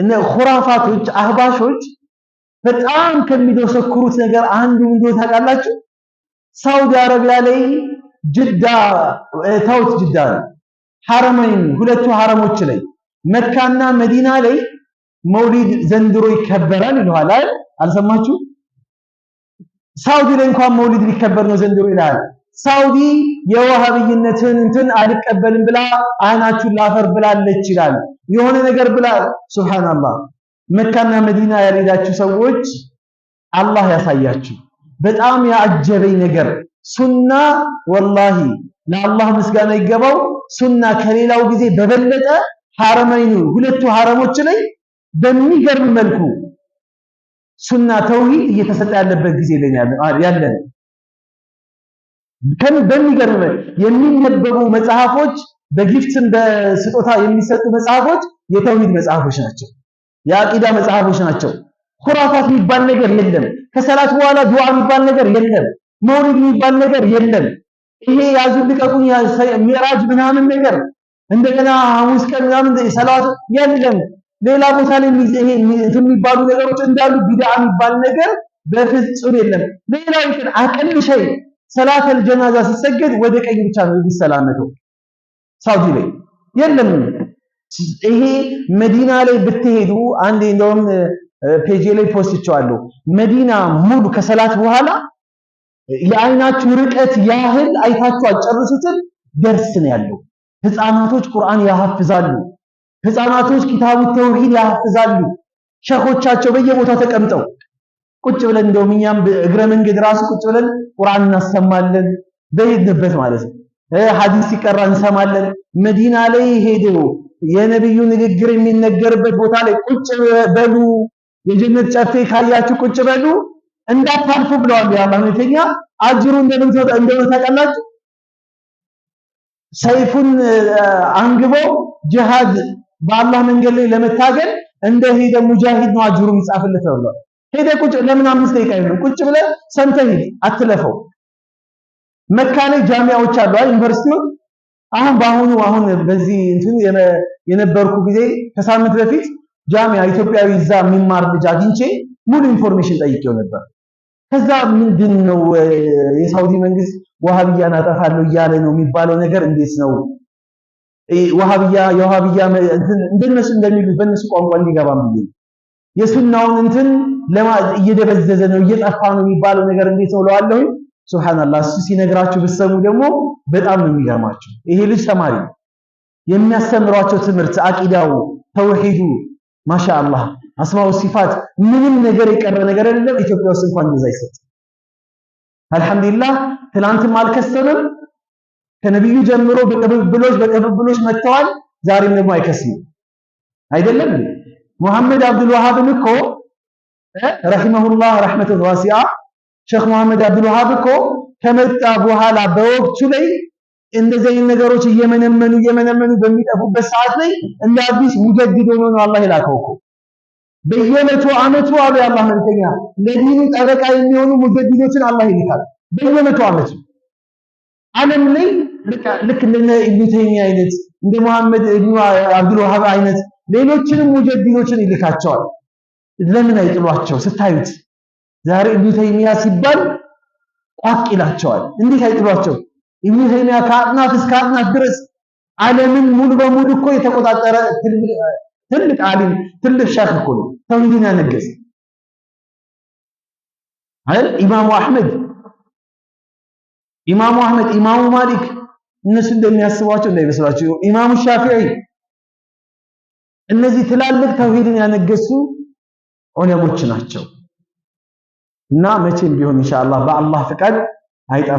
እነ ሁራፋቶች አህባሾች በጣም ከሚደሰኩሩት ነገር አንዱ እንደው ታውቃላችሁ፣ ሳውዲ አረቢያ ላይ ጅዳ ታውት ጅዳ ሐረመይን ሁለቱ ሐረሞች ላይ መካና መዲና ላይ መውሊድ ዘንድሮ ይከበራል ይለዋል። አልሰማችሁ? ሳውዲ ላይ እንኳን መውሊድ ሊከበር ነው ዘንድሮ ይላል። ሳውዲ የዋሃብይነትን እንትን አልቀበልም ብላ አይናችሁን ላፈር ብላለች ይላል። የሆነ ነገር ብላ ሱብሃንአላህ። መካና መዲና ያልሄዳችሁ ሰዎች አላህ ያሳያችሁ። በጣም ያጀበኝ ነገር ሱና ወላሂ ለአላህ ምስጋና ይገባው። ሱና ከሌላው ጊዜ በበለጠ ሐረመይኑ ሁለቱ ሐረሞች ላይ በሚገርም መልኩ ሱና ተውሂድ እየተሰጠ ያለበት ጊዜ ላይ ያለ በሚገርም የሚነበቡ መጽሐፎች በጊፍትን በስጦታ የሚሰጡ መጽሐፎች የተውሂድ መጽሐፎች ናቸው። የአቂዳ መጽሐፎች ናቸው። ኩራፋት የሚባል ነገር የለም። ከሰላት በኋላ ዱዓ የሚባል ነገር የለም። መውሊድ የሚባል ነገር የለም። ይሄ ያዙ ልቀቁን ሚዕራጅ ምናምን ነገር እንደገና ሐሙስ ቀን ምናምን ሰላት የለም። ሌላ ቦታ ላይ የሚባሉ ነገሮች እንዳሉ ቢድዓ የሚባል ነገር በፍጹም የለም። ሌላ ይችን አቅል ሸይ ሰላተል ጀናዛ ሲሰገድ ወደ ቀኝ ብቻ ነው የሚሰላመተው። ሳውዲ ላይ የለም። ይሄ መዲና ላይ ብትሄዱ አንድ እንደውም ፔጄ ላይ ፖስትቸዋለሁ። መዲና ሙሉ ከሰላት በኋላ የአይናችሁ ርቀት ያህል አይታችሁ አጨርሱትን ደርስ ነው ያለው። ህፃናቶች ቁርአን ያሐፍዛሉ። ህፃናቶች ኪታቡ ተውሂድ ያሐፍዛሉ። ሸኾቻቸው በየቦታው ተቀምጠው ቁጭ ብለን እንደውም እኛም እግረ መንገድ ራሱ ቁጭ ብለን ቁርአን እናሰማለን በሄድንበት ማለት ነው። ሐዲስ ሲቀራ እንሰማለን። መዲና ላይ ሄደው የነብዩ ንግግር የሚነገርበት ቦታ ላይ ቁጭ በሉ፣ የጀነት ጨፌ ካያችሁ ቁጭ በሉ እንዳታልፉ ብለዋል። ያላህ ማለትኛ አጅሩ እንደምን እንደሆነ ታውቃላችሁ። ሰይፉን አንግቦ ጅሃድ በአላህ መንገድ ላይ ለመታገል እንደሄደ ሙጃሂድ ነው አጅሩ የሚጻፍለት ተብሏል። ሄደ ቁጭ ለምን አምስት ደቂቃ ይሉ ቁጭ ብለ ሰምተ አትለፈው። መካነ ጃሚያዎች አሉ ዩኒቨርሲቲ አሁን በአሁኑ አሁን በዚህ እንትን የነበርኩ ጊዜ ከሳምንት በፊት ጃሚያ ኢትዮጵያዊ እዛ የሚማር ልጅ አግኝቼ ሙሉ ኢንፎርሜሽን ጠይቄው ነበር። ከዛ ምንድን ነው የሳውዲ መንግስት ወሃብያን አጠፋለሁ እያለ ነው የሚባለው ነገር እንዴት ነው ወሃብያ የወሃብያ እንደነሱ እንደሚሉት በእነሱ ቋንቋ እንዲገባም ብዬ ነው የሱናውን እንትን እየደበዘዘ ነው እየጠፋ ነው የሚባለው ነገር እንዴት ነው ለዋለሁ ሱብሃንአላህ እሱ ሲነግራችሁ ብትሰሙ ደግሞ በጣም ነው የሚገርማችሁ። ይሄ ልጅ ተማሪ የሚያስተምሯቸው ትምህርት አቂዳው፣ ተውሂዱ ማሻአላህ አስማው ሲፋት ምንም ነገር የቀረ ነገር አይደለም። ኢትዮጵያ ውስጥ እንኳን እንደዛ አይሰጥ። አልሐምዱሊላህ ትናንትም አልከሰምም። ከነቢዩ ጀምሮ በቅብብሎች በቅብብሎች መጥተዋል። ዛሬም ደግሞ አይከስም አይደለም ሙሐመድ አብዱል ወሃብን እኮ ረሂመሁላህ ረህመቱን ዋሲዓ ሼክ ሙሐመድ አብዱል ወሃብ እኮ ከመጣ በኋላ በወቅቱ ላይ እንደዚህ ነገሮች እየመነመኑ እየመነመኑ በሚጠፉበት ሰዓት ላይ እንደ አዲስ ሙጀድድ ሆኖ ነው አላህ የላከው እኮ። በየመቶ ዓመቱ አሉ የአላህ መልእክተኛ ለዲኑ ጠበቃ የሚሆኑ ሙጀድዶችን አላህ ይልካል። በየመቶ ዓመቱ ዓለም ላይ ልክ እንደነ ኢብኑ ተይሚያ አይነት እንደ ሙሐመድ ኢብኑ አብዱል ወሃብ አይነት ሌሎችንም ሙጀዲዶችን ይልካቸዋል። ለምን አይጥሏቸው? ስታዩት ዛሬ ኢብኑ ተይሚያ ሲባል ቋቅ ይላቸዋል። እንዴት አይጥሏቸው? ኢብኑ ተይሚያ ከአጥናፍ እስከ አጥናፍ ድረስ ዓለምን ሙሉ በሙሉ እኮ የተቆጣጠረ ትልቅ ዓሊም ትልቅ ሻክ እኮ ነው። ተውሂድን ያነገሰ አይደል? ኢማሙ አህመድ ኢማሙ አህመድ ኢማሙ ማሊክ እነሱ እንደሚያስቧቸው እንዳይመስላችሁ። ኢማሙ ሻፊዒ እነዚህ ትላልቅ ተውሂድን ያነገሱ ዑለሞች ናቸው እና መቼም ቢሆን ኢንሻአላህ በአላህ ፍቃድ አይጠፋ